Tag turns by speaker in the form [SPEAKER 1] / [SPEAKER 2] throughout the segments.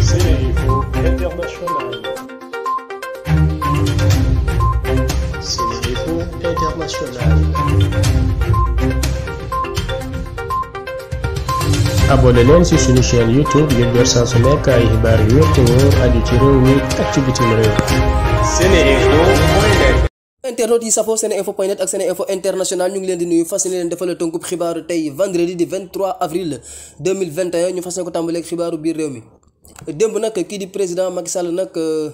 [SPEAKER 1] Sénéinfo International. Sénéinfo International. abonné leen ci suñu su nekk ay xibaar yu wér te wóor aju mi ak ci internet yi safoo seen info point net ak seen info international ñu ngi leen di nuyu fas yéene leen defal la xibaaru tey di avril ñu fas yéene ko tàmbaleeg xibaaru biir réew mi. démb nag kii di président Macky Sall euh,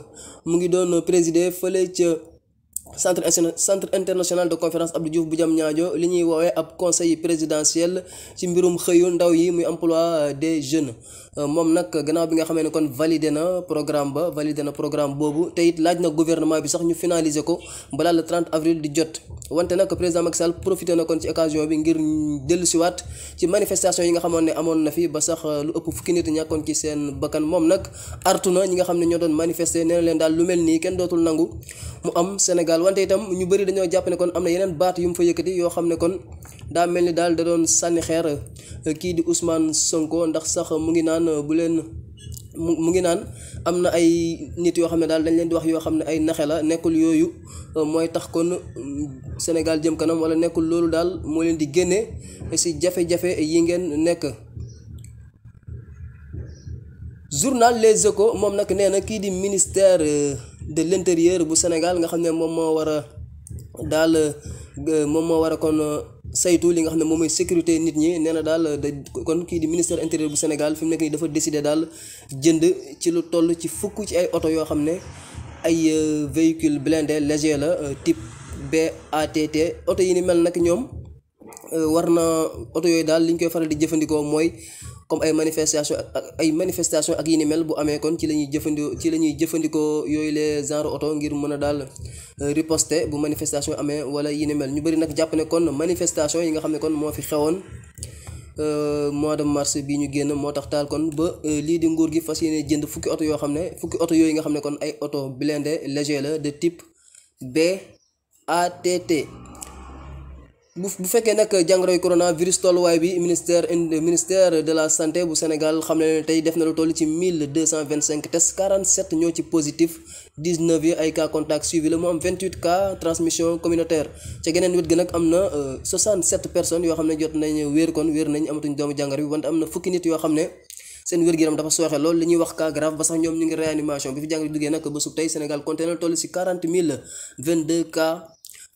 [SPEAKER 1] mu ngi doon présider fële ca. centre centre international de conférence Abdou Diouf bu Diamniadio li ñuy woowee ab conseil présidentiel ci mbirum xëyu ndaw yi muy emploi des jeunes euh, moom nag gannaaw bi nga xamee ne kon validé na programme ba validé na programme boobu te it laaj na gouvernement bi sax ñu finaliser ko balaa le 30 avril di jot wante nag président Macky Sall profité na kon ci occasion bi ngir dellusiwaat ci manifestation yi nga xamoon ne amoon na fi ba sax lu ëpp fukki nit ñàkkoon ci seen bakkan moom nag artu na ñi nga xam ne ñoo doon manifester nee leen daal nii kenn dootul nangu mu am Sénégal. daal wante itam ñu bëri dañoo jàpp ne kon am na yeneen baat yu mu fa yëkkati yoo xam ne kon daa mel ni daal da doon sànni xeer eh, kii di Ousmane Sonko ndax sax mu ngi naan eh, bu leen mu ngi naan am na ay nit yoo xam ne daal dañ leen di wax yoo xam ne ay naxe la nekkul yooyu eh, mooy tax kon mm, senegal jëm kanam walla nekkul loolu daal moo leen di génne si jafe-jafe yi ngeen nekk. journal Les Échos moom nag nee na kii di ministère. de l'intérieur bu Sénégal nga xam ne moom moo war a daal euh, moom moo war a kon euh, saytu li nga xam ne moom mooy sécurité nit ñi nee na daal de kon kii di ministère intérieur bu Sénégal fi mu nekk dafa décidé daal jënd ci lu toll ci fukk ci ay oto yoo xam ne ay euh, véhicule blindé léger la type BATT oto yi ni mel nag ñoom war na oto yooyu daal liñ koy faral di jëfandikoo mooy comme ay manifestation ay manifestation ak yi ni mel bu amee kon ci la ñuy jëfandikoo ci la ñuy jëfandikoo yooyu les genre oto ngir mën a daal euh, riposte bu manifestation amee wala yi ni mel ñu bëri nag jàpp ne kon manifestation yi nga xam ne kon moo fi xewoon euh, mois de mars bi ñu génn moo tax taal kon ba euh, lii di nguur gi fas yéene jënd fukki oto yoo xam ne fukki oto yooyu nga xam ne kon ay oto blindé léger la de type BATT bu bu fekkee nag jàngoroy coronavirus tolluwaay bi ministère ministère de la santé bu Sénégal xam ne ne tey def na lu toll ci mille deux cent vingt cinq tests quarante sept ñoo ci positif dix neuf yi ay cas contact suivi la mu am vingt cas transmission communautaire ca geneen wet gi nag am na euh, soixante sept personnes yoo xam ne jot nañ wéer kon wéer nañ amatuñ doomu jàngoro bi wante am na fukki nit yoo xam ne. seen wér-gu-yaram dafa sooxe lool li ñuy wax cas grave ba sax ñoom ñu ngi réanimation bi fi jàng duggee nag ba sub tey Sénégal compté na toll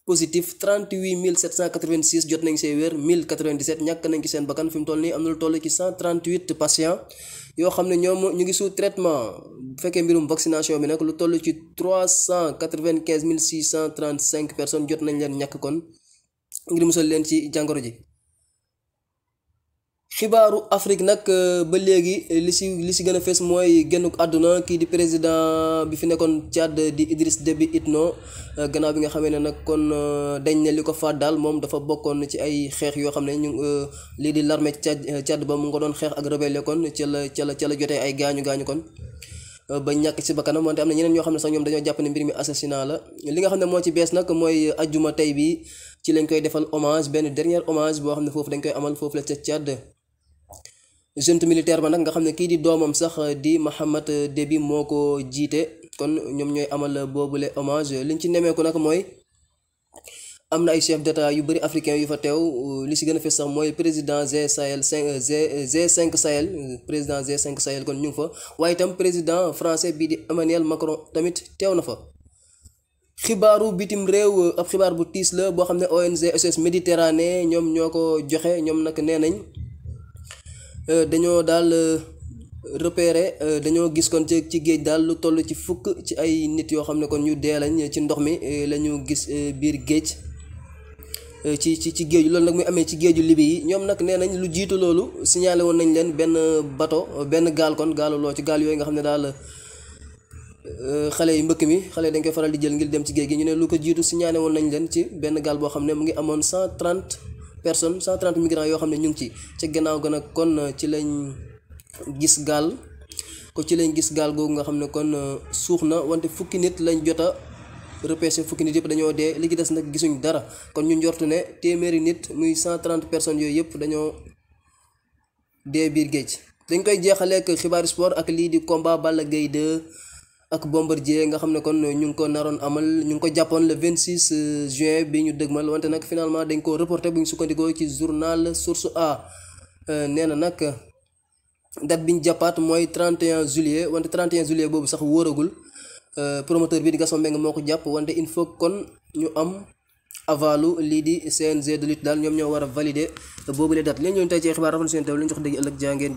[SPEAKER 1] positif 38 786 jot nañ see wér 1097 ñàkk nañ ci seen bakkan fi mu toll nii am na lu toll ci 138 patients yoo xam ne ñoom ñu ngi sous traitement bu fekkee mbirum vaccination bi nag lu toll ci 395 635 personnes jot nañ leen ñàkk kon ngir musal leen ci jàngoro ji. xibaaru Afrique nag euh, ba léegi euh, li si li si gën a fees mooy génn àdduna kii di président bi fi nekkoon Tchad di Idriss it Itno euh, gannaaw bi nga xamee ne nag kon dañ ne li ko faat daal moom dafa bokkoon ci ay xeex yoo xam ne ñu lii di l'armée Tchad Tchad ba mu nga doon xeex ak rebelle kon ca la ca la ca la jotee ay gaañu gaañu kon. ba ñàkk ci bakkanam wante am na ñeneen ñoo xam ne sax ñoom dañoo jàpp ne mbir mi assassinat la li nga xam ne moo ci bees nag mooy ajjuma tey bi ci lañ koy defal hommage benn dernier hommage boo xam ne foofu dañ koy amal foofu la ca junte militaire ba nag nga xam ne kii di doomam sax di Mahamad Déby moo ko jiite kon ñoom ñooy amal boobule li liñ ci nemeeku nag mooy am na ay chef d'état yu bëri africain yu fa teew li si gën a fees sax mooy président G Sahel 5 G G5 Sahel président G5 kon ñu ngi fa waaye itam président français bii di Emmanuel Macron tamit teew na fa xibaaru bitim réew ab xibaar bu tiis la boo xam ne ONG SOS Méditerranée ñoom ñoo ko joxe ñoom nag nee nañ Euh, dañoo daal euh, repéré euh, dañoo gis kon ci ci géej daal lu toll ci fukk ci ay nit yoo xam ne kon ñu dee lañ ci ndox mi la gis biir géej ci ci ci géeju loolu nag muy amee ci géeju libi yi ñoom nag nee nañ lu jiitu loolu signalé woon nañ leen benn bato benn gaal kon gaalu loo ci gaal yooyu nga xam ne daal xale yi mbëkk mi xale dañ koy faral di jël ngir dem ci géej gi ñu ne lu ko jiitu signalé woon nañ leen ci benn gaal boo xam ne mu ngi amoon cent personnes cent trente yoo xam ne ñu ngi ci ca gannaaw gën kon euh, ci lañ gis gaal ko ci lañ gis gaal googu nga xam ne kon euh, suux na wante fukki nit lañ jota repêché fukki nit yëpp dañoo dee li ci des nag gisuñ dara kon ñu njortu ne téeméeri nit muy cent trente personnes yooyu yëpp dañoo dee biir géej dañ koy jeexaleek xibaaru sport ak lii di combat Balla Gaye 2 ak Bombardier nga xam ne kon ñu ngi ko naroon amal ñu ngi ko jàppoon le 26 euh, juin bi ñu dëgmal wante nag finalement dañ ko reporté bu ñu sukkandikoo ci journal Source A euh, nee na nag date bi ñu jàppaat mooy 31 juillet wante 31 juillet boobu sax wóoragul euh, promoteur bi di Gaston Mbengue moo ko jàpp wante il faut kon ñu am avalu lii di CNG de lutte daal ñoom ñoo war a valider boobule date leen ñooñu tey ci xibaar rafetlu seen taw lañ jox dégg ëllëg jaa ngeen